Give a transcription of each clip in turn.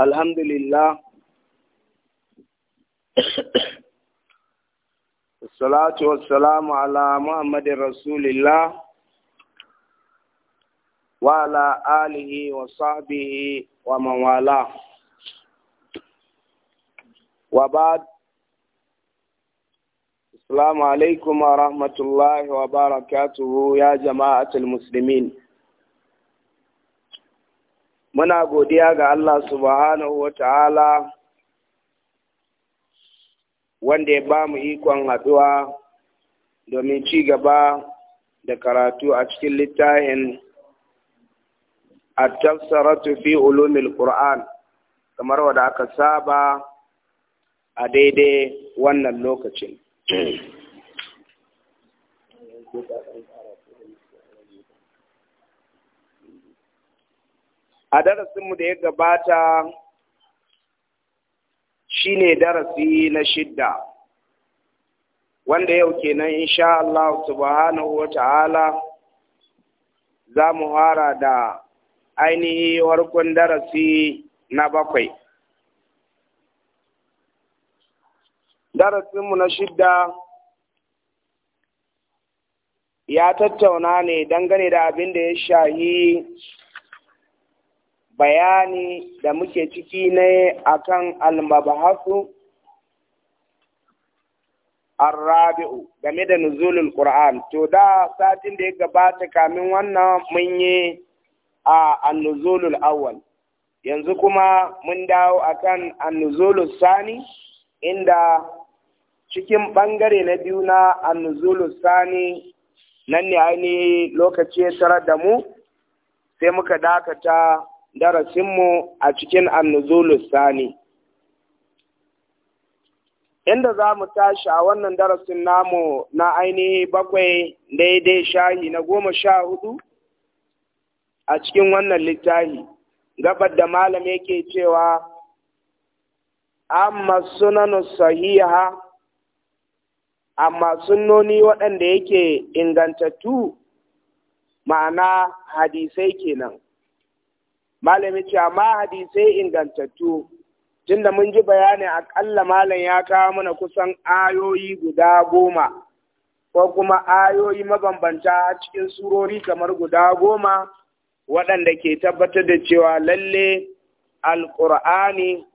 الحمد لله الصلاة والسلام على محمد رسول الله وعلى آله وصحبه ومن والاه وبعد السلام عليكم ورحمة الله وبركاته يا جماعة المسلمين muna godiya ga Allah subhanahu wa ta'ala wanda ya ba mu ikon haɗuwa domin ci gaba da karatu a cikin littafin a tafsaratu fi ulumil Qur'an kamar wadda aka saba a daidai wannan lokacin. a darasinmu da ya gabata shine darasi na shidda wanda yau kenan insha Allah subhanahu wa ta'ala za mu hara da ainihi harkun darasi na bakwai darasinmu na shidda ya tattauna ne dangane da abin da ya shahi bayani da muke ciki ne akan ar rabiu game da nuzulul Qur'an to da satin da ya gabata kamin wannan mun yi a an-nuzulul awwal yanzu kuma mun dawo akan an-nuzulus sani inda cikin bangare na biyu na an-nuzulus sani nan ne ainihi lokaci ya tarar da mu sai muka dakata darasinmu a cikin annuzulus sani inda za mu tashi a wannan darasin namu na ainihi bakwai daidai shahi na goma sha hudu a cikin wannan littafi gabar da malam yake cewa amma sunanu sahiha amma noni waɗanda yake ingantattu ma'ana hadisai kenan malami ce amma hadisai ingantattu tunda mun ji bayani akalla malam ya kawo mana kusan ayoyi guda goma ko kuma ayoyi mabambanta a cikin surori kamar guda goma waɗanda ke tabbatar da cewa lalle alƙur'ani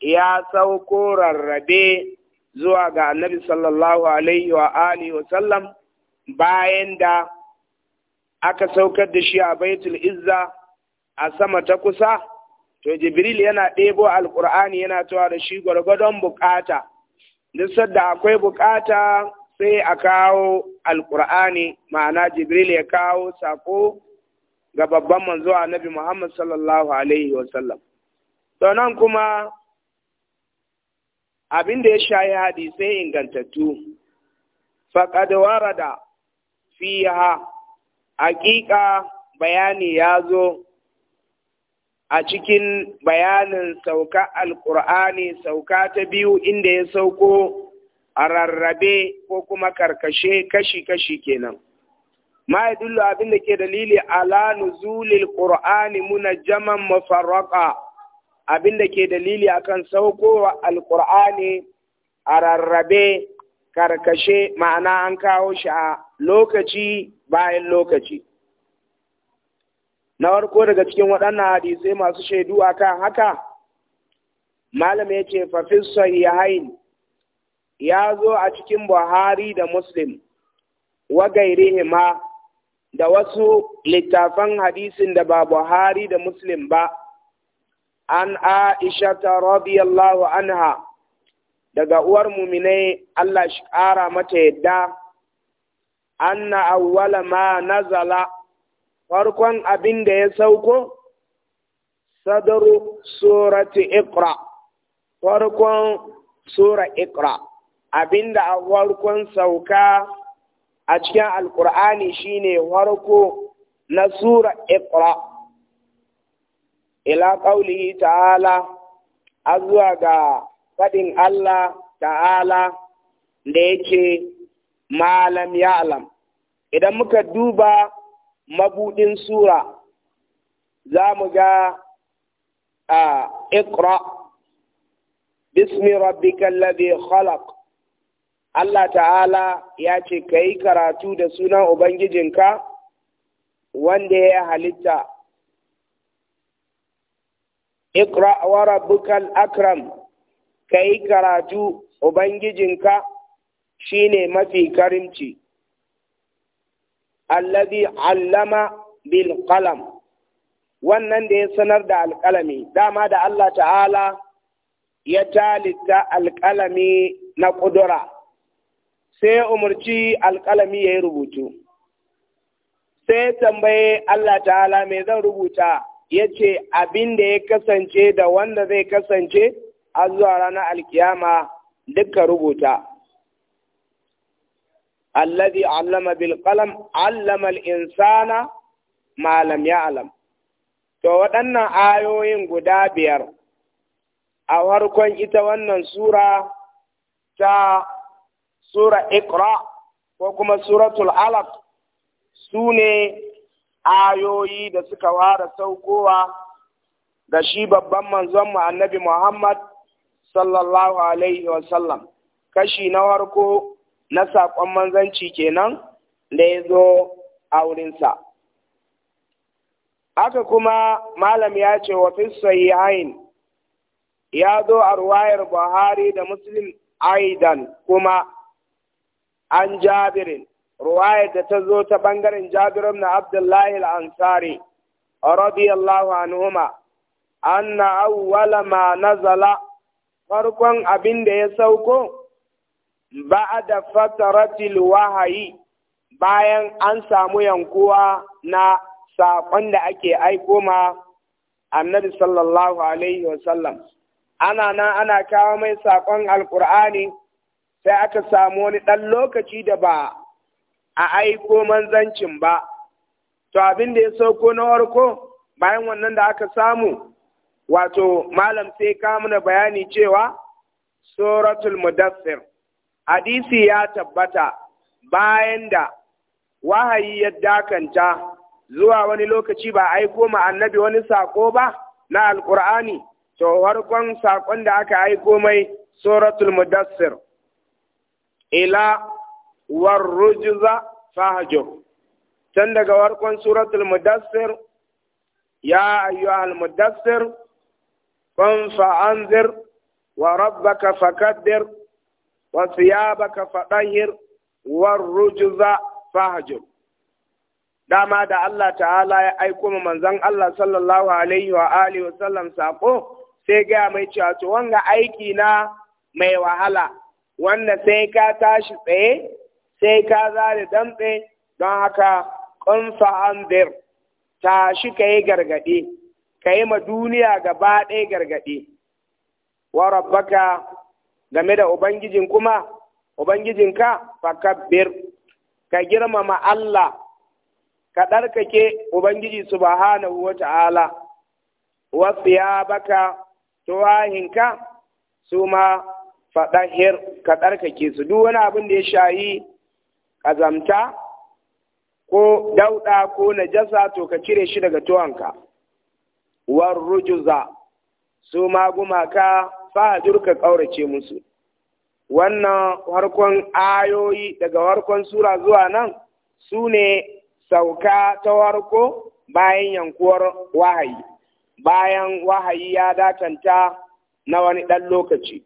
ya sauko rarrabe zuwa ga annabi sallallahu alaihi wa alihi wa sallam bayan da aka saukar da shi a baitul izza a sama ta kusa to jibril yana ɗebo alƙur'ani yana cewa da shi gwargwadon bukata duk sadda akwai bukata sai a kawo alƙur'ani ma'ana jibril ya kawo sako ga babban manzo annabi muhammad sallallahu alaihi wasallam to nan kuma abin da ya shayi hadisai ingantattu faƙad warada fiha haƙiƙa bayani ya zo a cikin bayanin sauka alƙur'ani sauka ta biyu inda ya sauko a rarrabe ko kuma karkashe kashi-kashi kenan. ma ya dullu abin da ke dalili ala nuzulil qur'ani jaman mafarraka abin da ke dalili akan saukowa Alƙur'ani, a rarrabe karkashe ma'ana an kawo shi a lokaci bayan lokaci na farko daga cikin waɗannan hadisai masu shaidu akan haka malam ya ce fafis sahihain ya zo a cikin buhari da muslim wa gairihima da wasu littafan hadisin da ba buhari da muslim ba an aisha ta radiyallahu anha daga uwar muminai Allah shi ƙara mata yadda anna awwala ma nazala farkon abin da ya sauko sadaru surati iqra farkon sura iqra abinda a farkon sauka a cikin alkur'ani shine farko na sura iqra ila qaulihi ta'ala zuwa ga faɗin Allah ta'ala da yake malam ya'lam idan muka duba Mabuɗin sura za mu ga a ikra bismi rabbikal ladhi khalaq Allah ta'ala ya ce ka yi karatu da sunan Ubangijinka wanda ya halitta. Ikra wa rabbukal akram ka yi karatu Ubangijinka shi ne mafi karimci. alladhi allama bil qalam wannan da ya sanar da alƙalami dama da Allah ta'ala ya talita alƙalami na ƙudura sai ya umarci alƙalami ya yi rubutu sai tambaye Allah ta'ala mai zan rubuta ya ce abin da ya kasance da wanda zai kasance a zuwa ranar alkiyama duka rubuta alladhi allama Bilkalam, qalam insana ma to waɗannan ayoyin guda biyar a farkon ita wannan sura ta sura iqra ko kuma suratul alaq su ne ayoyi da suka ware saukowa ga shi babban manzonmu annabi Muhammad sallallahu Alaihi wasallam, kashi na warko na saƙon manzanci kenan da ya zo a wurinsa. Haka kuma malam ya ce wa sahihain ya zo a ruwayar Buhari da Muslim Aidan kuma an jabirin ruwayar da ta zo ta ɓangaren jabirin na Abdullahi al-Ansari radiyallahu anhuma anna awwala ma nazala farkon abin da ya sauko ba'da fataratil wahayi bayan an samu yankuwa na saƙon da ake aiko ma annabi sallallahu alaihi wasallam ana nan ana kawo mai saƙon alƙur'ani sai aka samu wani ɗan lokaci da ba a aiko manzancin ba to abin da ya sauko na warko bayan wannan da aka samu wato malam sai kawo mana bayani cewa suratul mudassir hadisi ya tabbata bayan da wahayi ya dakanta zuwa wani lokaci ba aiko ma annabi wani saƙo ba na Alƙur'ani, to harkon sakon da aka aiko mai suratul mudassir ila rujza fahjur tan daga warkon suratul mudassir ya al mudassir kun fa anzir wa rabbaka fakaddir wa faɗan fadahir war rujza fahjur dama da Allah ta'ala ya aiko ma manzon Allah sallallahu alaihi wa alihi wa sallam sako sai ga mai cewa to wanga aiki na mai wahala wanda sai ka tashi tsaye sai ka zare dantse, don haka kun fa'andir tashi kai gargadi kai ma duniya gaba ɗaya gargadi wa rabbaka game da ubangijin kuma ubangijinka fakabbir ka girmama Allah ka ɗarkake ubangiji subhanahu wa ta'ala wasu ya baka tuwahinka su ma faɗahir ka ɗarkake su duk wani abin da ya shayi ƙazamta ko dauɗa ko najasa to ka kire shi daga tuwanka war rujuza su ma gumaka a durka ƙaurace musu wannan harkon ayoyi daga harkon sura zuwa nan su ne sauka ta harko bayan yankuwar wahayi bayan wahayi ya datanta na wani ɗan lokaci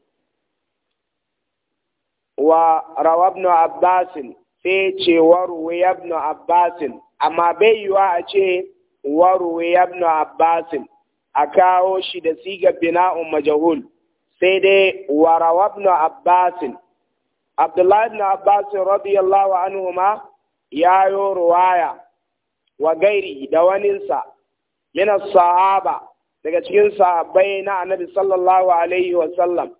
wa rawabnu abbasin sai ce waruwe yabnu abbasin amma bai yiwa a ce waruwe yabnu abbasin a kawo shi da siga bina'un majahul sai dai Abbasin Abdullahi ibn Abbas radiyallahu ma ya yo ruwaya wa gairi da waninsa min sahaba daga cikin sahabbai na Annabi sallallahu alaihi wa sallam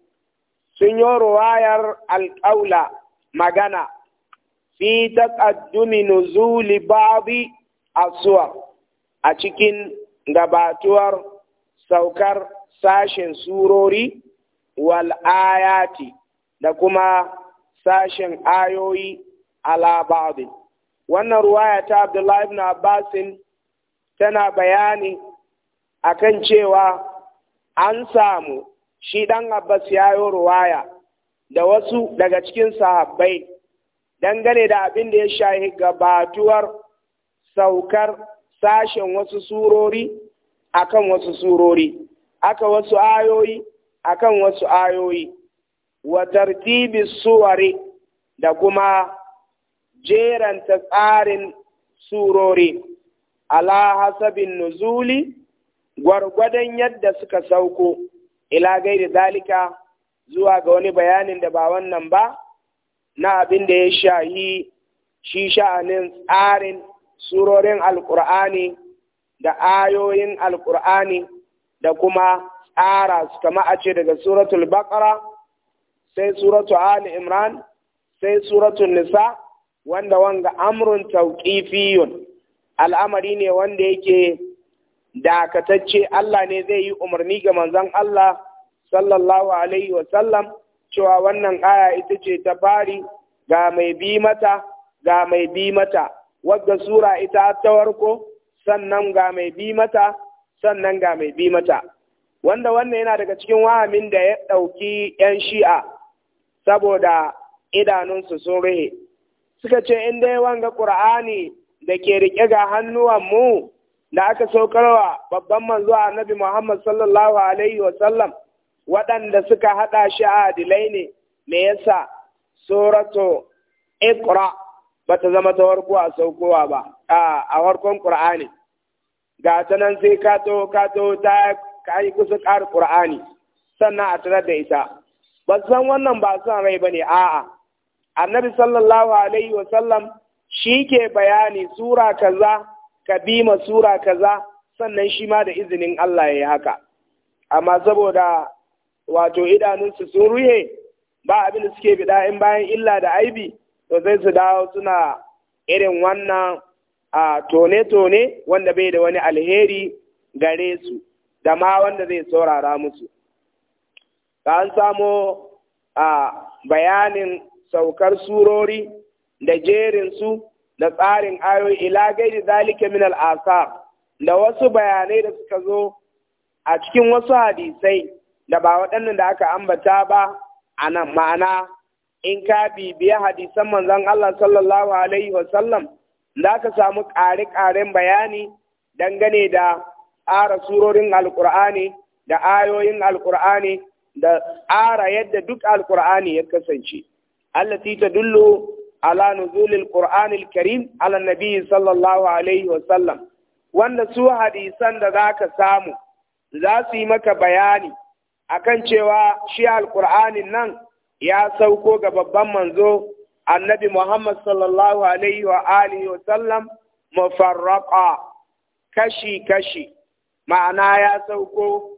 sun yo ruwayar alƙaula magana fi taqaddumi nuzuli ba'dhi aswar a cikin gabatuwar saukar sashen surori wal ayati da kuma sashen ayoyi ala ba'dhi wannan ruwaya ta Abdullahi ibn Abbas tana bayani akan cewa an samu shi dan Abbas yayo ruwaya da wasu daga cikin sahabbai dangane da abin da ya shahi gabatuwar saukar sashen wasu surori akan wasu surori aka wasu ayoyi akan wasu ayoyi wa tartibi suwari da kuma jeranta tsarin surori ala hasabin nuzuli gwargwadon yadda suka sauko ila gaida dalika zuwa ga wani bayanin da ba wannan ba na abin da ya shahi shi sha'anin tsarin surorin alkur'ani da ayoyin alkur'ani da kuma ƙara su kama a ce daga suratul baqara sai suratul ali imran sai suratul nisa wanda wanga amrun tauqifiyun al'amari ne wanda yake dakatacce Allah ne zai yi umarni ga manzon Allah sallallahu alaihi wa cewa wannan aya ita ce ta fari ga mai bi mata ga mai bi mata wadda sura ita ta warko sannan ga mai bi mata sannan ga mai bi mata wanda wannan yana daga cikin wahamin da ya ɗauki 'yan shi'a saboda idanunsu sun rihe suka ce in dai wanga ƙur'ani da ke riƙe ga hannuwanmu da aka saukarwa babban manzo annabi Muhammad sallallahu alaihi wasallam waɗanda suka haɗa shi adilai ne me yasa surato iqra ta zama ta warko a saukowa ba a harkon ƙura'ani ga ta nan sai kato-kato ta ka yi kusa ƙara Kur'ani, sannan a tarar da ita ba san wannan ba san rai ba ne a'a annabi sallallahu alaihi wa sallam shi ke bayani sura kaza ka sura kaza sannan shi ma da izinin Allah ya yi haka amma saboda wato idanunsu sun ruhe ba abin da suke bida in bayan illa da aibi to sai su dawo suna irin wannan a tone-tone wanda bai da wani alheri gare su da ma wanda zai saurara musu ka an samo a bayanin saukar surori da jerinsu da tsarin ayoyi ila da zalika min al'asar da wasu bayanai da suka zo a cikin wasu hadisai da ba waɗannan da aka ambata ba a nan ma'ana in ka bibiya hadisan manzon Allah sallallahu alaihi wasallam za ka samu ƙare-ƙaren bayani dangane da ƙara surorin alƙur'ani da ayoyin alƙur'ani da ƙara yadda duk alƙur'ani ya kasance ta dullo ala nuzulil qur'anil karim ala nabi sallallahu alaihi wa sallam wanda su hadisan da ka samu za su yi maka bayani akan cewa shi alƙur'anin nan ya sauko ga babban manzo annabi Muhammad sallallahu alaihi wa alihi wa sallam kashi kashi ma'ana ya sauko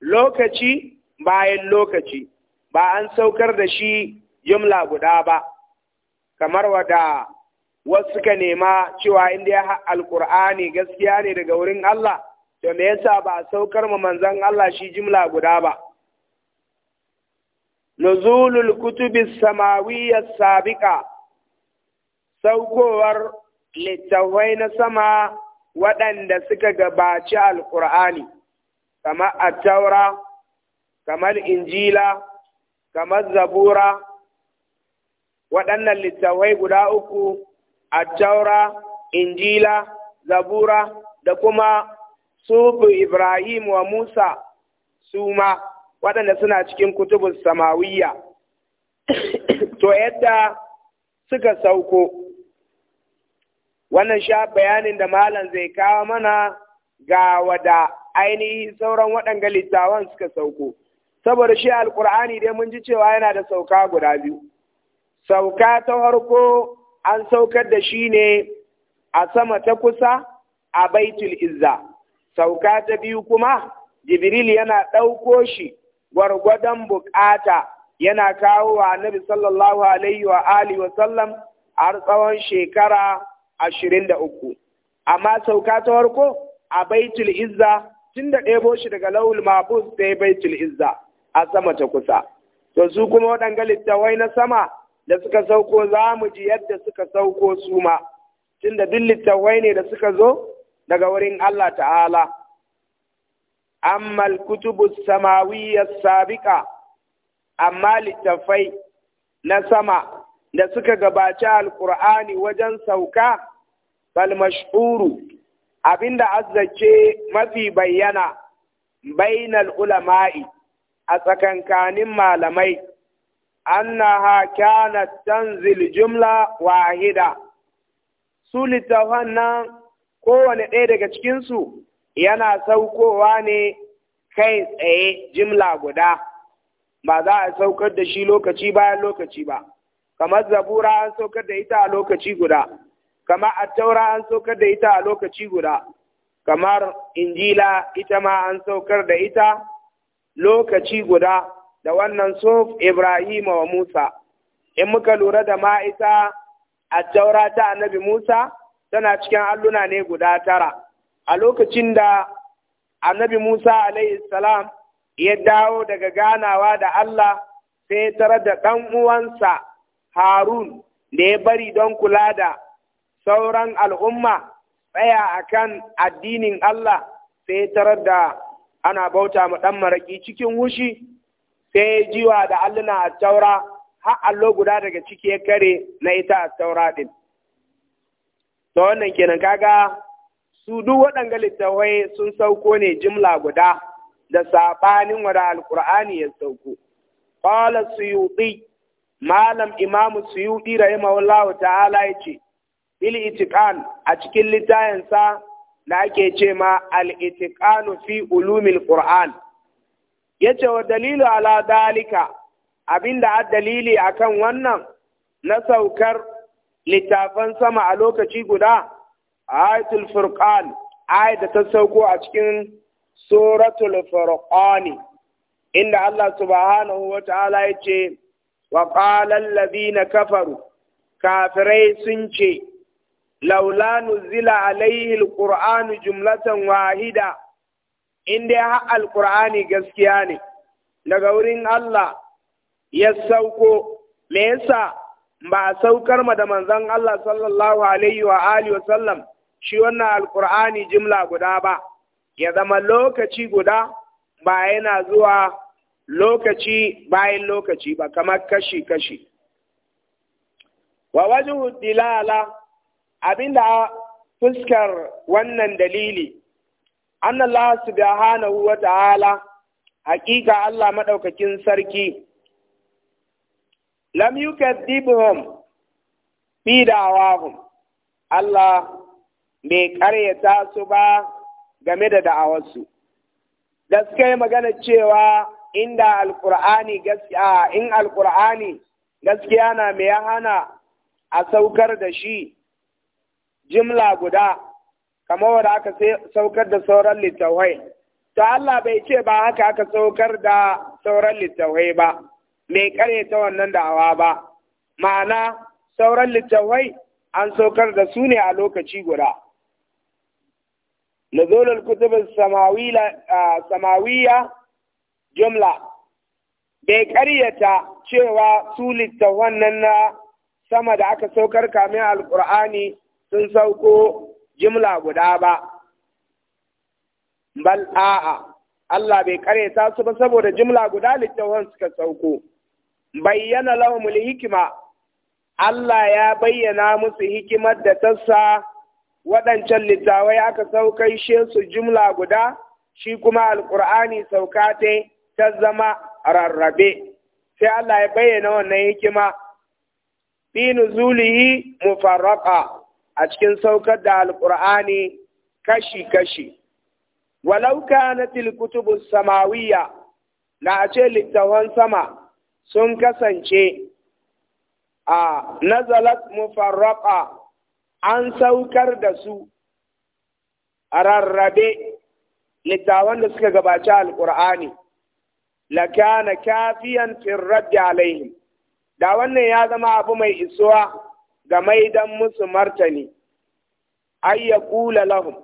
lokaci bayan lokaci ba an saukar da shi jumla guda ba kamar wada wasu suka nema cewa inda ya alkur'ani gaskiya ne daga wurin Allah to me yasa ba saukar ma manzon Allah shi jumla guda ba nuzulul kutubis samawiyya sabiqa saukowar littawai na sama waɗanda suka gabaci alƙur'ani kamar attaura kamar injila kamar zabura waɗannan littawai guda uku attaura injila zabura da kuma sufu ibrahim wa musa suma waɗanda suna cikin kutubun samawiyya to yadda suka sauko wannan sha bayanin da malam zai kawo mana ga wada ainihi sauran waɗanga littawan suka sauko saboda shi alkur'ani dai mun ji cewa yana da sauka guda biyu sauka ta harko an saukar da shi ne a sama ta kusa a baitul izza sauka ta biyu kuma jibril yana ɗauko shi gwargwadon buƙata yana kawo wa annabi sallallahu alaihi wa alihi wa sallam har tsawon shekara ashirin da uku amma sauka ta farko a baitul izza tun da ɗebo shi daga laul mafus sai baitul izza a sama ta kusa to su kuma waɗanga littawai na sama da suka sauko za mu ji yadda suka sauko su ma tun da duk littawai ne da suka zo daga wurin Allah ta'ala amma kutubu ya sabiƙa amma littafai na sama da suka gabaci alƙur'ani wajen sauka bal mashhuru abinda azzace mafi bayyana bainal ulama'i a tsakankanin malamai annaha kanat tanzil jumla wahida su littafan nan kowane ɗaya daga cikinsu yana saukowa ne kai tsaye jimla guda ba za a saukar da shi lokaci bayan lokaci ba kamar zabura an saukar da ita a lokaci guda kama a taura an saukar da ita a lokaci guda kamar injila ita ma an saukar da ita lokaci guda da wannan sof Ibrahim wa musa in muka lura da ma ita a taura ta annabi musa tana cikin alluna ne guda tara a lokacin da annabi musa alaihi salam ya dawo daga ganawa da allah sai tare da ɗan uwansa harun da ya bari don kula da sauran al'umma tsaya a kan addinin Allah sai tarar da ana bauta ma ɗan maraƙi cikin wushi sai jiwa da alluna a taura har allo guda daga ciki ya kare na ita a taura ɗin. Ta wannan kenan kaga su duk waɗanga littawai sun sauko ne jimla guda da saɓanin wada alƙur'ani ya sauko. Ƙwala Suyuɗi, Malam Imamu Suyuɗi rahimahullahu ta'ala ya ce, bil itiqan a cikin littayansa da ake ce ma al-itiqanu fi ulumil qur'an yace wa dalilu ala dalika abinda ad dalili akan wannan na saukar littafan sama a lokaci guda ayatul furqan ayat da ta sauko a cikin suratul furqani inda Allah subhanahu wa ta'ala yace wa qala alladhina kafaru kafirai sun ce laula nuzila alaihi alqur'anu jumlatan wahida in dai har alqur'ani gaskiya ne daga wurin Allah ya sauko me yasa ba saukar ma da manzon Allah sallallahu alaihi wa alihi wa shi wannan alqur'ani jumla guda ba ya zama lokaci guda ba yana zuwa lokaci bayan lokaci ba kamar kashi kashi wa wajhu dilala abinda fuskar wannan dalili da subhanahu wa ta'ala hakika Allah maɗaukakin sarki lam yukaddibuhum fi da'awahum Allah bai ƙaryata su ba game da da'awarsu da magana cewa inda alƙur'ani gaskiya in alƙur'ani gaskiya na mai hana a saukar da shi jimla guda kamar wanda aka saukar da sauran littawai to Allah bai ce ba haka aka saukar da sauran littawai ba mai kare ta wannan da'awa ba ma'ana sauran littawai an saukar da su ne a lokaci guda نزول الكتب samawiya jumla bai karyata cewa su littafan nan na sama da aka saukar kamin alkur'ani sun sauko jimla guda ba bal a'a Allah bai ta su ba saboda jimla guda littafin suka sauko bayyana lahumul hikima Allah ya bayyana musu hikimar da tassa waɗancan littawai aka saukai shi su jimla guda shi kuma Alƙur'ani sauka ta ta zama rarrabe sai Allah ya bayyana wannan hikima fi nuzulihi mufarraqa a cikin saukar da alƙur'ani kashi-kashi. Walauka na tilkutubu samawiya na a ce littawan sama sun kasance a nazalat mufarraqa an saukar da su a rarrabe littawan da suka gabaci alƙur'ani. Lakana kafiyan da alaihim, da wannan ya zama abu mai isuwa ga maidan musu martani ayya kula lahum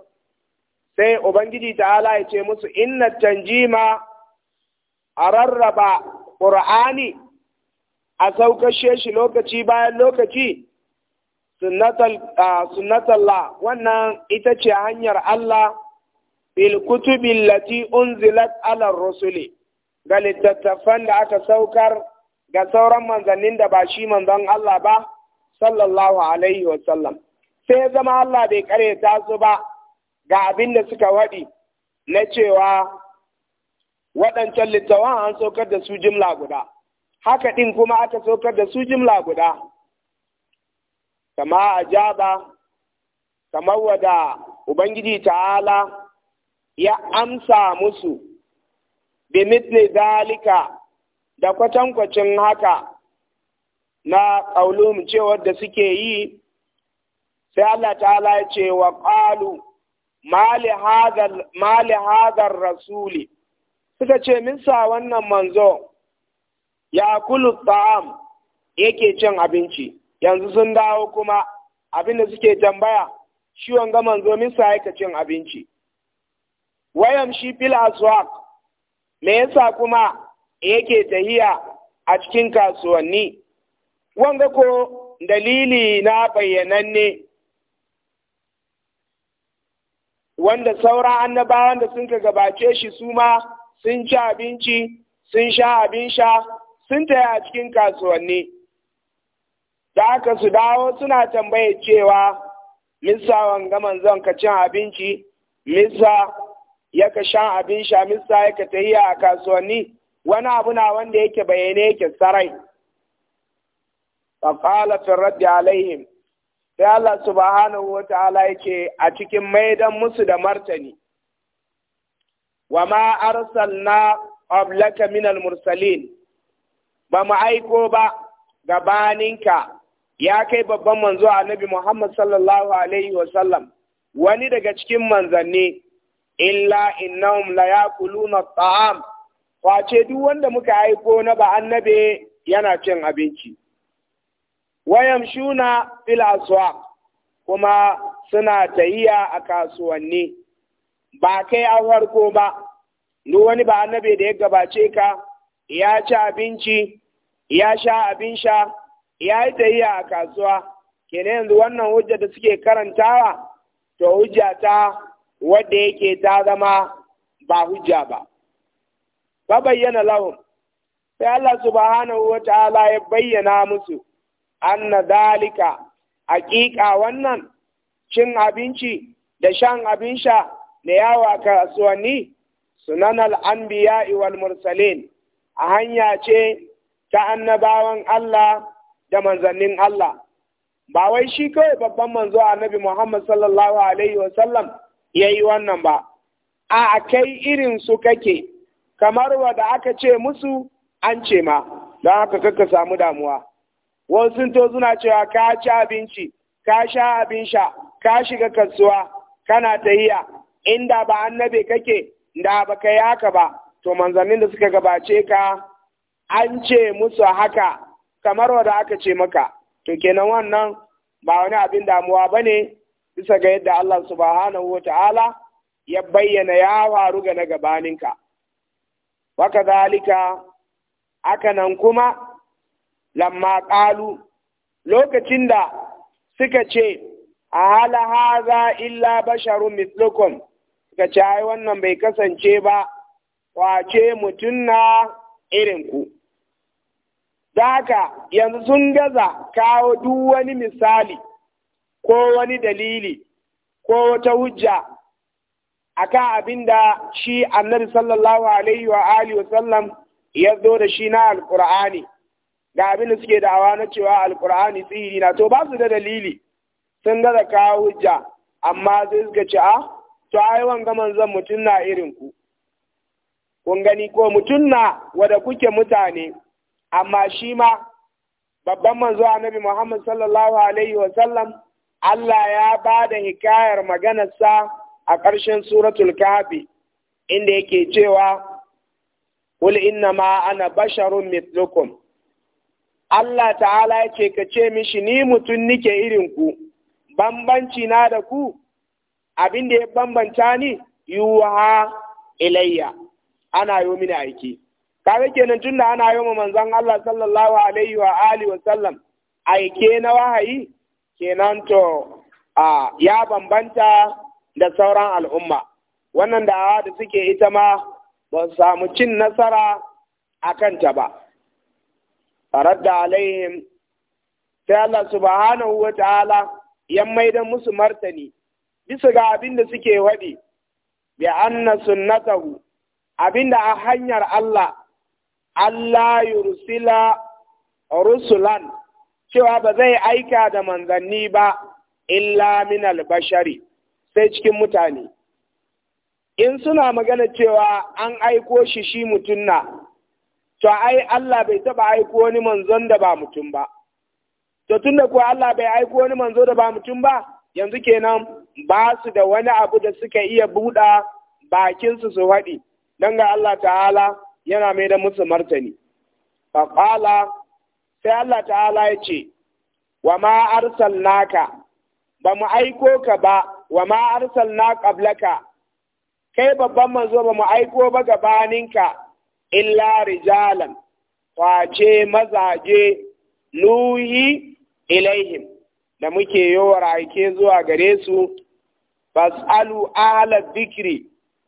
sai ubangiji ta'ala ya ce musu inna tanjima a rarraba qur'ani a saukashe shi lokaci bayan lokaci sunnatallah wannan ita ce hanyar Allah bil lati unzilat ala rusuli ga littattafan da aka saukar ga sauran manzannin da ba shi manzon Allah ba sallallahu alaihi wa sallam sai zama Allah bai karyata su ba ga abin da suka waɗi na cewa waɗancan littawan an saukar da su jimla guda haka ɗin kuma aka saukar da su jimla guda kama ba kamar wada ubangiji ta'ala ya amsa musu bi mitne dalika da kwatankwacin haka na ƙaulum cewar da suke yi sai Allah ta'ala ya ce wa ƙalu mali hadar rasuli suka ce minsa wannan manzo ya kulu ta'am yake cin abinci yanzu sun dawo kuma abinda suke tambaya shi wanga manzo minsa yake cin abinci wayan shi fil aswaq me yasa kuma yake tahiya a cikin kasuwanni wanga ko dalili na bayyananne wanda sauran annabawan da sun ka gabace shi su ma sun ci abinci sun sha abin sha sun taya a cikin kasuwanni da aka su dawo suna tambaye cewa misa wanga manzon ka cin abinci misa ya ka abin sha misa ya ka tahiya a kasuwanni wani abu na wanda yake bayyane yake sarai faƙala raddi alaihim sai Allah subhanahu wa ta'ala yake a cikin maidan musu da martani wa ma arsalna qablaka min mursalin ba mu aiko ba gabaninka ya kai babban manzo annabi Muhammad sallallahu alaihi wa sallam wani daga cikin manzanni illa innahum la yaquluna ta'am kwace duk wanda muka aiko na ba annabe yana cin abinci wayamshuna fil aswaq kuma suna tahiya a kasuwanni ba kai an farko ba duk wani ba annabi da ya gabace ka ya ci abinci ya sha abin sha ya yi tahiya a kasuwa kenan yanzu wannan hujja da suke karantawa to hujja ta wadda yake ta zama ba hujja ba ba bayyana lahum sai Allah subhanahu wa ta'ala ya bayyana musu anna dalika hakika wannan cin abinci da shan abin sha da yawa kasuwanni sunan al'anbiya wal mursalin a hanya ce ta annabawan Allah da manzannin Allah ba wai shi kawai babban manzo annabi Muhammad sallallahu alaihi wasallam ya yi wannan ba a kai irin su kake kamar wada aka ce musu an ce ma don haka kaka samu damuwa wasu sun to suna cewa ka ci abinci ka sha abin sha ka shiga kasuwa kana ta tahiya inda ba annabi kake da ba ka yi ba to manzannin da suka gabace ka an ce musu haka kamar wanda aka ce maka to kenan wannan ba wani abin damuwa ba ne bisa ga yadda Allah subhanahu wa ta'ala ya bayyana ya faru ga na gabaninka. Waka zalika, haka nan kuma lamma ƙalu lokacin da suka ce a hala haza illa basharun mislukum suka ce ai wannan bai kasance ba kwace mutum na irinku da haka yanzu sun gaza kawo duk wani misali ko wani dalili ko wata hujja akan abin da shi annabi sallallahu alaihi wa alihi wa sallam ya zo da shi na alkur'ani ga abin da suke da'awa na cewa alkur'ani tsiri na to ba su da dalili sun gaza kawo hujja amma sai suka ce a ah, to ai wanga manzon mutum na irin ku kun gani ko mutum na wada kuke mutane amma shi ma babban manzo annabi Muhammad sallallahu alaihi wa Allah ya ba da hikayar maganarsa a ƙarshen suratul kafi inda yake cewa qul inna ma ana basharun mithlukum Allah ta'ala ya ce ka ce mishi ni mutum nike irin ku, bambanci na da ku, abin da ya bambanta ni yuwa ilayya, ana wa mini aiki. Kaga kenan tun da ana yi wa manzon Allah sallallahu alaihi wa Ali wa sallam aike na wahayi kenan to ya bambanta da sauran al'umma. Wannan da da suke ita ma ba samu cin nasara a kanta ba. faradda alaihim sai Allah subhanahu wa ta'ala ya musu martani bisa ga abin da suke waɗi bi anna sunnatahu abin da a hanyar Allah Allah yursila rusulan cewa ba zai aika da manzanni ba illa min albashari sai cikin mutane in suna magana cewa an aiko shi shi mutunna. to ai Allah bai taba aiko wani manzon da ba mutum ba to tunda ko Allah bai aiko wani manzo da ba mutum ba yanzu kenan ba su da wani abu da suka iya buɗa bakin su su haɗi dan ga Allah ta'ala yana mai da musu martani fa qala sai Allah ta'ala ya ce wa ma arsalnaka ba mu aiko ka ba wa ma arsalna qablaka kai babban manzo ba mu aiko ba gabaninka illa rijalan kwace mazaje nuhi ilaihim da muke yi rake zuwa gare su fas'alu ala dhikri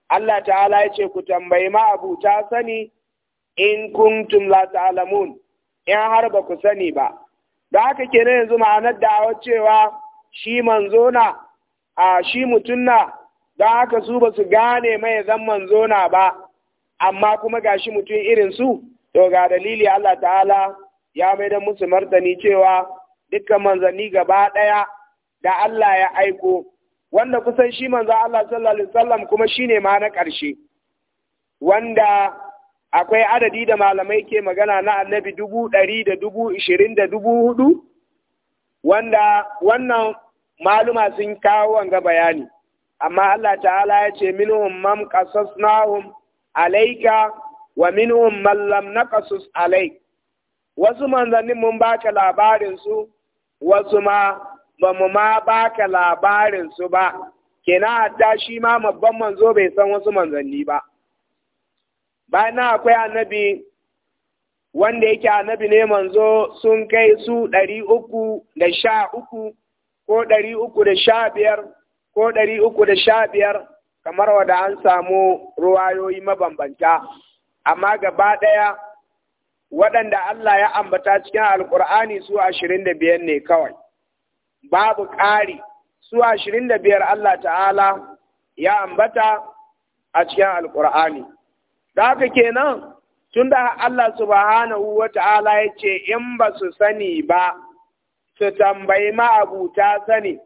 Allah ta'ala ya ce ku tambayi ma ta sani in kuntum la ta'lamun in har ba ku sani ba da haka kenan yanzu ma'anar da a cewa shi manzo na a shi mutunna, da haka su ba su gane mai zan manzo na ba amma kuma ga shi mutum irin su to ga dalili Allah ta'ala ya mai da musu martani cewa dukkan manzanni gaba ɗaya da Allah ya aiko wanda kusan shi manzo Allah sallallahu alaihi wasallam kuma shine ma na ƙarshe wanda akwai adadi da malamai ke magana na annabi dubu ɗari da dubu ishirin da dubu hudu wanda wannan maluma sun kawo wanga bayani amma Allah ta'ala ya ce minhum mam qasasnahum alaika wa minhum man lam naqasus alaik wasu manzani mun baka labarin su wasu ma ba mu ma baka labarin su ba Kina hatta shi ma babban manzo bai san wasu manzanni ba bayan na akwai annabi wanda yake annabi ne manzo sun kai su ɗari uku da sha uku ko ɗari uku da sha biyar ko ɗari uku da sha biyar kamar wada an samu ruwayoyi mabambanta amma gaba ɗaya waɗanda Allah ya ambata cikin Alƙur'ani, su ashirin da biyar ne kawai babu ƙari su ashirin da biyar Allah ta'ala ya ambata a cikin Alƙur'ani. da haka kenan tun da Allah subhanahu wa ta'ala ya ce in ba su sani ba su tambayi ma'abuta sani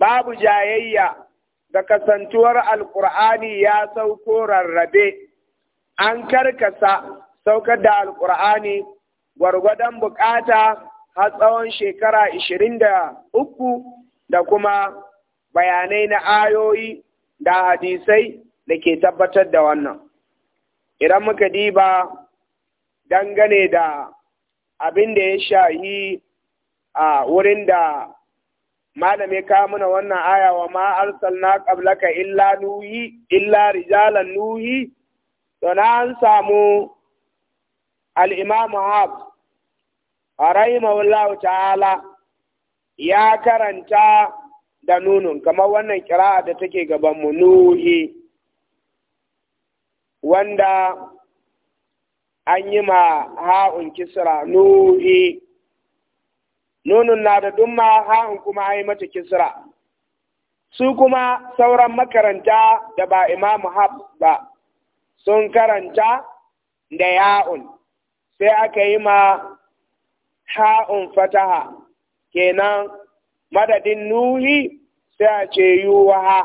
babu jayayya da kasantuwar alƙur'ani ya sauko rarrabe an karkasa saukar da alƙur'ani gwargwadon bukata har tsawon shekara ishirin da uku da kuma bayanai na ayoyi da hadisai da ke tabbatar da wannan idan muka diba dangane da abin da ya shahi a wurin da malame ka muna wannan aya wa ma arsalna qablaka illa nuhi illa rijalan nuhi to na an samu al-imam hab rahimahullahu ta'ala ya karanta da nunun kamar wannan kira'a da take gaban mu nuhi wanda an yi ma ha'un kisra nuhi nunun na da dumma ha'un kuma ai mata kisra su kuma sauran makaranta da ba Imam hab ba sun karanta da ya'un sai aka yi ma ha'un fataha kenan madadin nuhi sai a ce yuwaha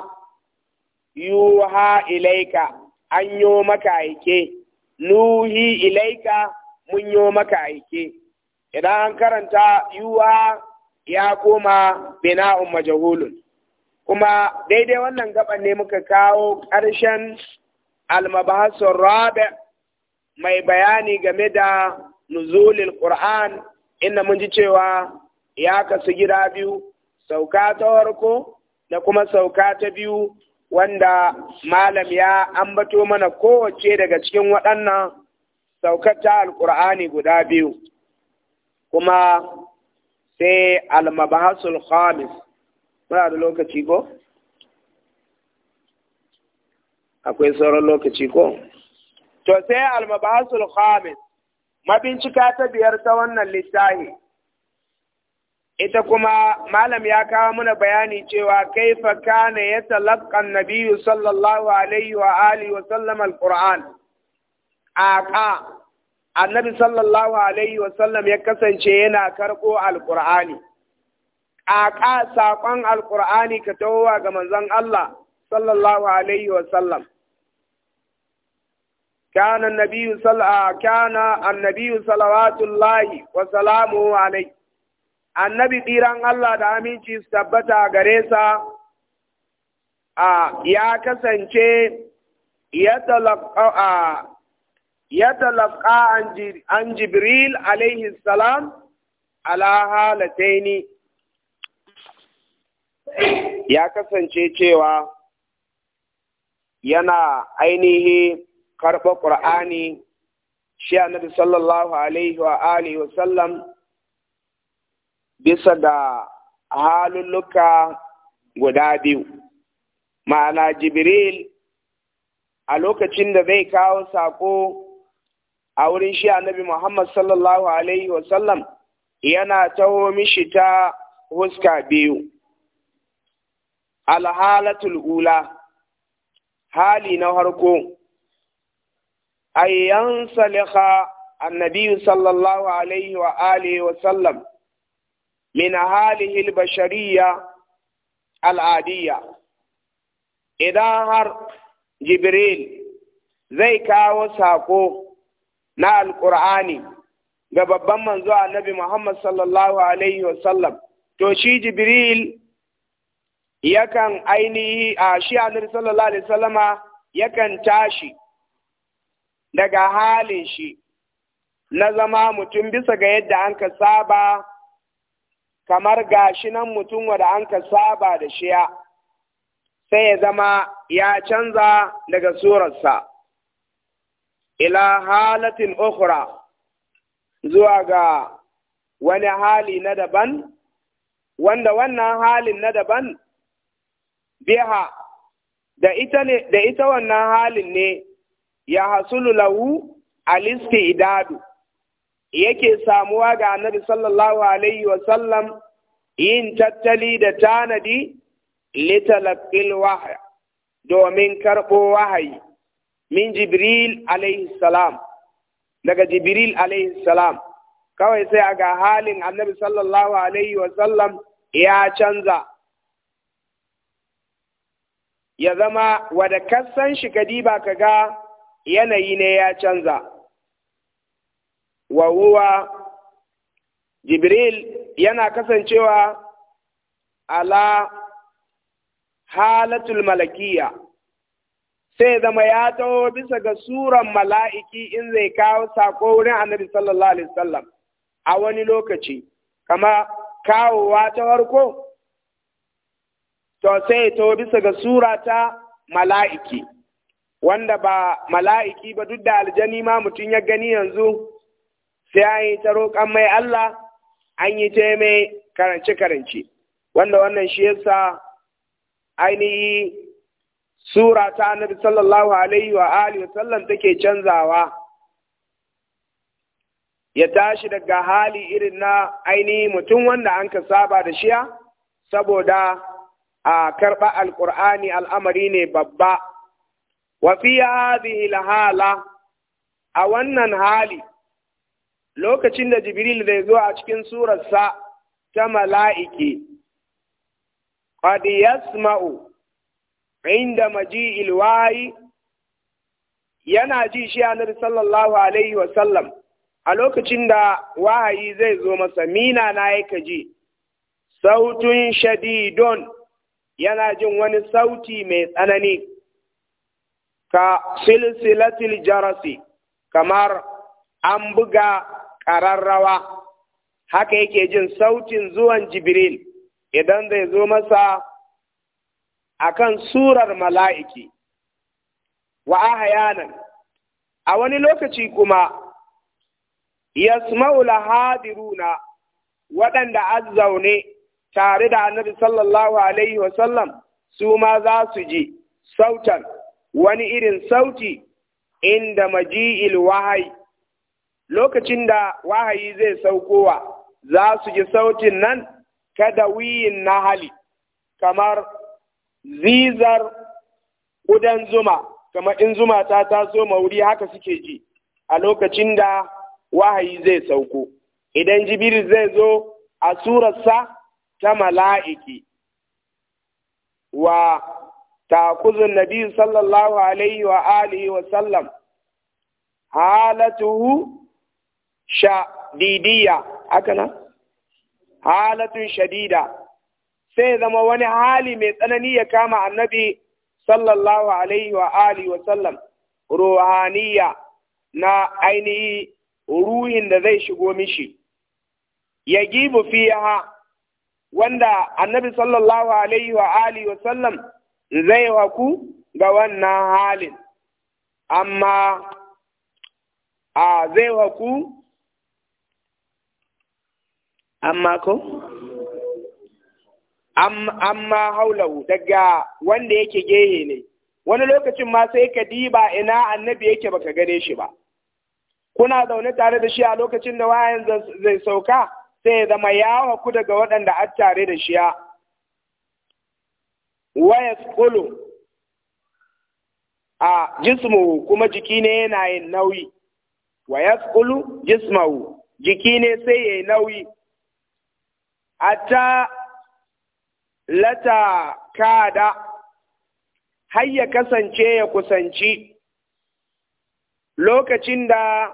yuwaha ilaika an yo maka aike nuhi ilaika mun yo maka aike idan an karanta yuwa ya koma bina'un majahulun kuma daidai wannan gaban ne muka kawo ƙarshen almabahasun rabi mai bayani game da nuzulil ƙur'an inda mun ji cewa ya kasu gida biyu sauka ta farko da kuma sauka ta biyu wanda malam ya ambato mana kowace daga cikin waɗannan saukar ta alƙur'ani guda biyu kuma sai almabahasul khamis muna da lokaci ko akwai sauran lokaci ko to sai almabahasul khamis mabincika ta biyar ta wannan littafi ita kuma malam ya kawo mana bayani cewa kaifa kana ya talaqqa Nabiyu, sallallahu alaihi wa alihi wa sallam A ka annabi sallallahu alaihi wasallam ya kasance yana karɓo alƙur'ani ƙaƙa saƙon alƙur'ani ka tahowa ga manzon Allah sallallahu alaihi wasallam كان النبي صلى كان النبي صلوات الله وسلامه عليه annabi tsiran Allah da aminci su tabbata gare sa a ya kasance ya talaka Yadda يتلقى عن جبريل عليه السلام على هالتين ya kasance cewa yana ainihi karɓar ƙur'ani shi a nadi sallallahu alaihi wa alihi wa sallam bisa da halulluka guda biyu ma'ana jibril a lokacin da zai kawo saƙo a wurin shi annabi Muhammad sallallahu alaihi wasallam yana taho mishi ta huska biyu alhalatul ula hali na harko ayyan saliha annabi sallallahu alaihi wa alihi wasallam min halihi albashariya al'adiyya idan har jibril zai kawo sako na alƙur'ani ga babban manzo annabi Muhammad sallallahu alaihi wasallam to shi Jibril yakan ainihi a shi annabi sallallahu alaihi wasallama yakan tashi daga halin shi na zama mutum bisa ga yadda an ka saba kamar gashi nan mutum wanda an ka saba da shiya sai ya zama ya canza daga surarsa. ila halatin ukhra zuwa ga wani hali na daban wanda wannan halin na daban biha da ita ne da ita wannan halin ne ya hasulu lahu aliski idadu yake samuwa ga annabi sallallahu alaihi wa sallam yin tattali da tanadi litalaqil wahya domin karɓo wahayi min jibril alaihi salam daga jibril alaihi salam kawai sai a ga halin annabi sallallahu alaihi wasallam ya canza ya zama wada kasan shi kadiba ka ga yanayi ne ya canza wa huwa jibril yana kasancewa ala halatul malakiyya sai zama ya taho bisa ga suran mala'iki in zai kawo sako wurin annabi sallallahu alaihi wasallam a wani lokaci kama kawowa ta farko to sai taho bisa ga sura ta mala'iki wanda ba mala'iki ba duk da aljani ma mutum ya gani yanzu sai an yi ta roƙon mai Allah an yi ta mai karance-karance wanda wannan shi yasa ainihi sura ta annabi sallallahu alaihi wa alihi sallam take canzawa ya tashi daga hali irin na ainihin mutum wanda an ka saba da shiya saboda a karɓa alƙur'ani al'amari ne babba wa fi hadhihi hala a wannan hali lokacin da jibril zai zo a cikin surarsa ta mala'iki qad yasma'u inda maji ilwayi yana ji shi annabi sallallahu alaihi wa a lokacin da wahayi zai zo masa mina na yake ji sautun shadidon yana jin wani sauti mai tsanani ka silsilatil jarasi kamar an buga ƙararrawa haka yake jin sautin zuwan jibril idan zai zo masa akan surar mala'iki wa ahyanan a wani lokaci kuma la hadiruna waɗanda zaune tare da annabi sallallahu alaihi wasallam su ma za su ji sautan wani irin sauti inda maji'il wahayi lokacin da wahayi zai saukowa za su ji sautin nan kada wiyin na hali kamar zizar ƙudan zuma kamar in zuma ta taso wuri haka suke ji a lokacin da wahayi zai sauko idan jibril zai zo a surarsa ta mala'iki wa takuzun nabi sallallahu alaihi wa alihi wa sallam halatu shadidiyya haka na halatun shadida sai zama wani hali mai tsanani ya kama annabi sallallahu alaihi wa alihi wa sallam ruhaniya na ainihi ruhin da zai shigo mishi ya gibu ha. wanda annabi sallallahu alaihi wa alihi wa sallam zai haku ga wannan halin amma a zai haku amma ko amma haulawu daga wanda yake gehe ne wani lokacin ma sai ka diba ina annabi yake baka gane shi ba kuna zaune tare da shi a lokacin da wayan zai sauka sai ya zama ya ku daga waɗanda a tare da shi waya Kulu? a jismu kuma jiki ne yana yin nauyi waya tsulu Jismu? jiki ne sai ya yi nauyi a ta lata kada har ya kasance ya kusanci lokacin da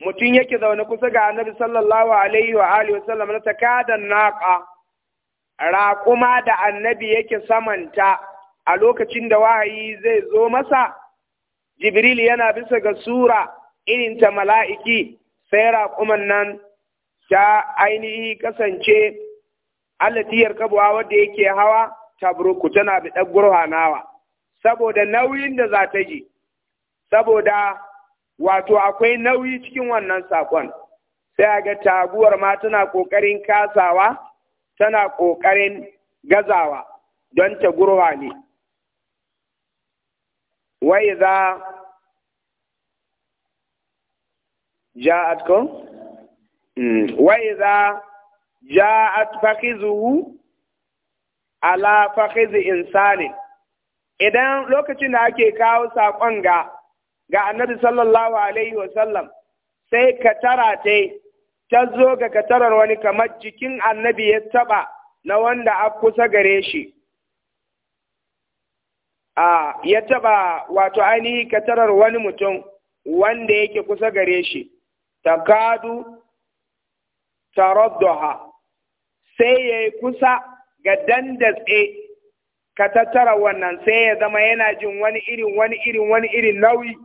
mutum yake zaune kusa ga annabi sallallahu alaihi wa alihi wasallam lata kada naqa raƙuma da annabi yake samanta a lokacin da wahayi zai zo masa jibril yana bisa ga sura irin ta mala'iki sai raƙuman nan ta ainihi kasance allati kabuwa wadda yake hawa tabruku tana bi daggurwa nawa saboda nauyin da za ta ji saboda wato akwai nauyi cikin wannan sakon sai a ga taguwar ma tana kokarin kasawa tana kokarin gazawa don ta gurwa ne wai za ja'atkum hmm, wai za ja'at fakhizuhu ala fakhizi insanin idan lokacin da ake kawo saƙon ga ga annabi sallallahu alaihi wa sallam sai katara ta ta zo ga katarar wani kamar jikin annabi ya taba na wanda a kusa gare shi a ya taba wato ainihi katarar wani mutum wanda yake kusa gare shi takadu taraddaha sai ya yi kusa ga dandatse ka tattara wannan sai ya zama yana jin wani irin wani irin wani irin nauyi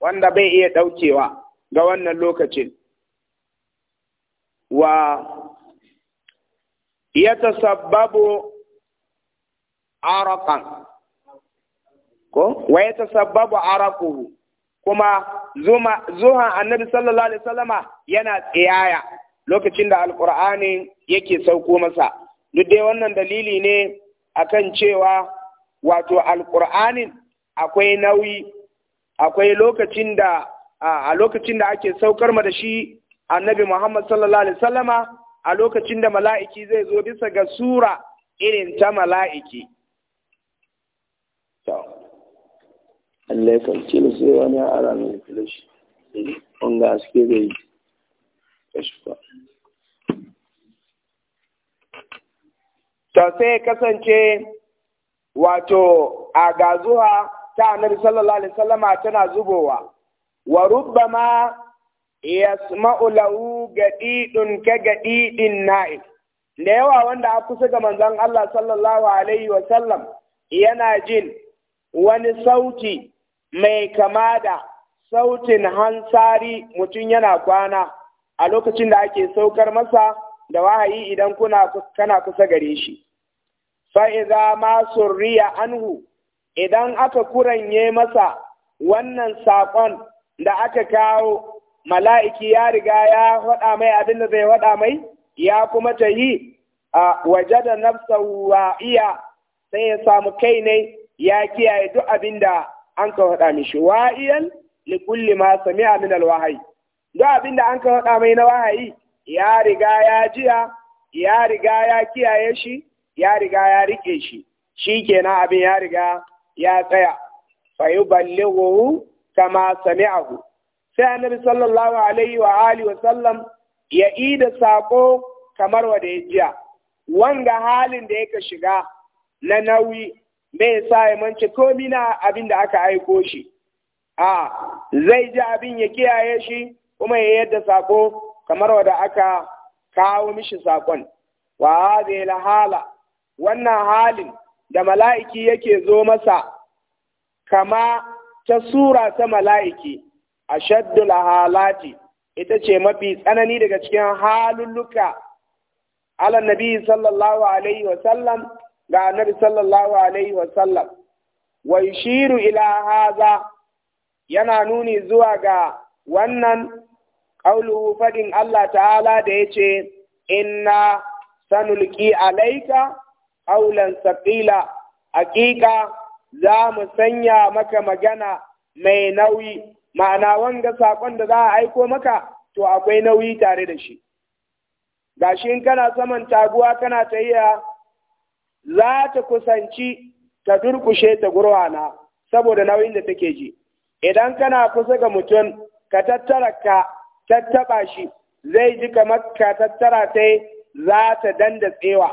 wanda bai iya ɗaukewa ga wannan lokacin wa ya tasabbabu arakan ko wa ya tasabbabu arakuhu kuma zuhan annabi sallallahu alaihi wasallama yana tsiyaya lokacin da alkur'ani yake sauko masa duk dai wannan dalili ne akan cewa wato alkur'anin akwai nauyi akwai lokacin da a lokacin da ake saukar ma da shi annabi muhammad sallallahu alaihi wasallama a lokacin da mala'iki zai zo bisa ga sura irin ta mala'iki Allah ya kalci da sai wani a ranar da shi, wanda suke zai yi. ta sai kasance wato a gazuwa ta annabi sallallahu alaihi wasallama tana zubowa wa rubbama yasma'u lahu gadidun ka gadidin na'i, da yawa wanda a kusa ga manzon Allah sallallahu alaihi wasallam yana jin wani sauti mai kama da sautin hansari mutum yana kwana a lokacin da ake saukar masa da wahayi idan kuna kana kusa gare shi fa idza ma surriya anhu idan aka kuranye masa wannan saƙon da aka kawo mala'iki ya riga ya faɗa mai abin da zai faɗa mai ya kuma ta yi a waje da nafsa wa'iya sai ya samu kai ne ya kiyaye duk abin da an ka faɗa mishi wa'iyan likulli ma sami min wahayi. da abin da an ka faɗa mai na wahayi ya riga ya jiya ya riga ya kiyaye shi ya riga ya rike shi shi kenan abin ya riga ya tsaya fa yuballighu kama abu sai annabi sallallahu alaihi wa ali wa sallam ya ida sako kamar wanda ya jiya wanga halin da yake shiga na nauyi mai sa ya mance komi na abin da aka aiko shi a zai ji abin ya kiyaye shi kuma ya yadda sako kamar wadda aka kawo mishi sakon wa zai lahala. wannan halin da mala'iki yake zo masa kama ta sura ta mala'iki A shaddu lahalati, ita ce mafi tsanani daga cikin halulluka ala nabi sallallahu alaihi wa sallam ga annabi sallallahu alaihi wa sallam wa shiru ila haza yana nuni zuwa ga wannan Ƙauluhu faɗin Allah ta'ala da ya ce, na sanulki alaika, ƙaulan saƙila, hakika za mu sanya maka magana mai nauyi, ma'ana wanga saƙon da za a aiko maka, to akwai nauyi tare da shi. Gashi in kana saman tabuwa kana ta iya za ta kusanci ta durkushe ta na, saboda nauyin da take ji. Idan kana kusa ga mutum, ka tattara ka tattaba shi zai ji kamar ka tattara sai za ta danda tsewa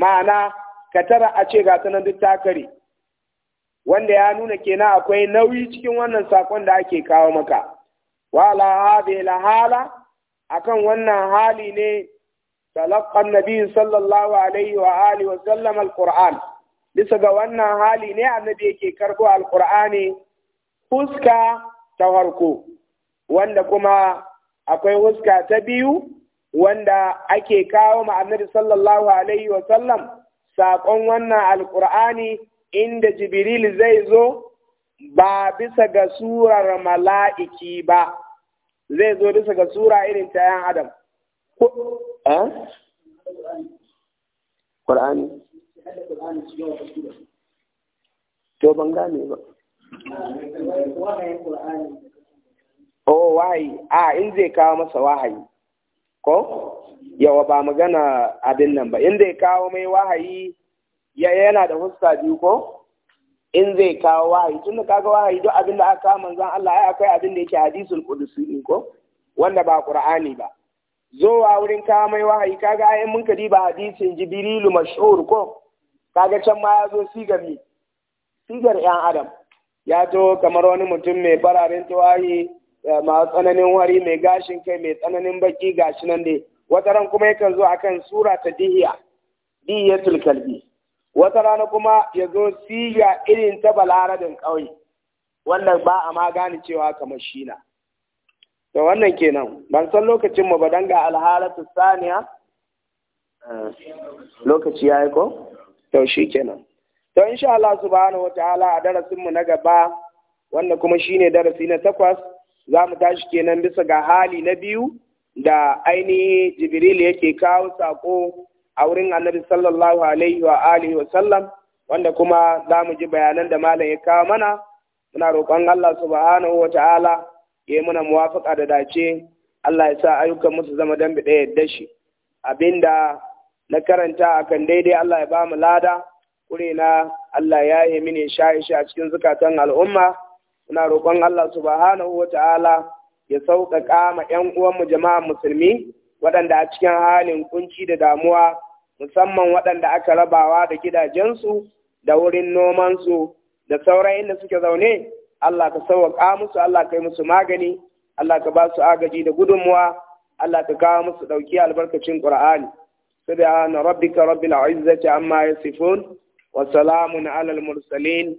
ma'ana ka tara a ce ga nan duk takari wanda ya nuna kenan akwai nauyi cikin wannan sakon da ake kawo maka wala hadhihi hala akan wannan hali ne تلقى النبي صلى الله عليه وآله وسلم bisa ga wannan hali ne annabi yake karbo alqur'ani fuska ta farko wanda kuma akwai huska ta biyu wanda ake kawo ma sallallahu alaihi wasallam saƙon wannan alƙur'ani inda jibril zai zo ba bisa ga surar mala'iki ba zai zo bisa ga sura irin ta yan adam Qur'ani eh? to ban gane ba oh wahayi a in zai kawo masa wahayi ko yawa ba magana abin nan ba in zai kawo mai wahayi ya yana da huska biyu ko in zai kawo wahayi tunda kaga wahayi duk abin da aka kawo manzon Allah ai akwai abin da yake hadisul qudusi ne ko wanda ba qur'ani ba zowa wurin kawo mai wahayi kaga ai mun kadi ba hadisin jibrilu mashhur ko kaga can ma ya zo sigar sigar yan adam ya to kamar wani mutum mai bararin tawahi Eh, ma tsananin wari mai gashin kai mai tsananin baki gashi nan dai wata ran kuma yakan zo akan sura ta dihiya dihiyatul kalbi wata rana kuma ya zo siga irin ta balarabin ƙauye wannan ba a ma gane cewa kamar shi na to wannan kenan ban san lokacin mu ba dan ga alhalatu saniya eh, lokaci yayi ko to shi kenan to insha Allah subhanahu wataala a darasin mu na gaba wanda kuma shine darasi na takwas za mu tashi kenan bisa ga hali na biyu da ainihi jibril yake kawo sako a wurin annabi sallallahu alaihi wa alihi wa sallam wanda kuma za mu ji bayanan da malam ya kawo mana muna roƙon Allah subhanahu wa ta'ala ya yi muna muwafaƙa da dace Allah ya sa ayyukan musu zama dan bi ɗaya da shi abinda na karanta a kan daidai Allah ya ba mu lada kure na Allah ya yi mini sha'ishi a cikin zukatan al'umma muna roƙon Allah subhanahu wa ta'ala ya sauƙaƙa ma ‘yan uwanmu jama'a musulmi waɗanda a cikin halin kunci da damuwa musamman waɗanda aka rabawa da gidajensu da wurin nomansu da sauran da suke zaune Allah ka sauƙaƙa musu Allah ka yi musu magani Allah ka ba su agaji da gudunmuwa Allah ka kawo musu ɗauki albarkacin ƙur'ani سبحان ربك رب العزة عما يصفون وسلام على المرسلين